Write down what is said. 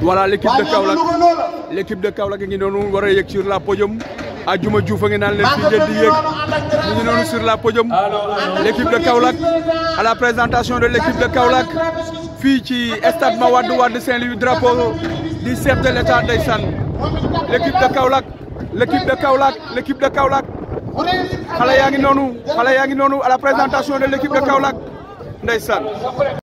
voilà l' équipe de Kaolack l' équipe de Kaolack ngi noonu war a yëg sur la podium Adjuma Diouf a ngi naan leen fii ngeen di yëg ñu ngi sur la podium l' équipe de Kaolack à la présentation de l' équipe de Kaolack fii ci stade Mawaddu Wade Saint-Louis drapeau du chef de l' état ndeysaan l' de Kaolack l' équipe de Kaolack l' équipe yaa ngi noonu xale yaa ngi noonu à la présentation de l' équipe de Kaolack ndeysaan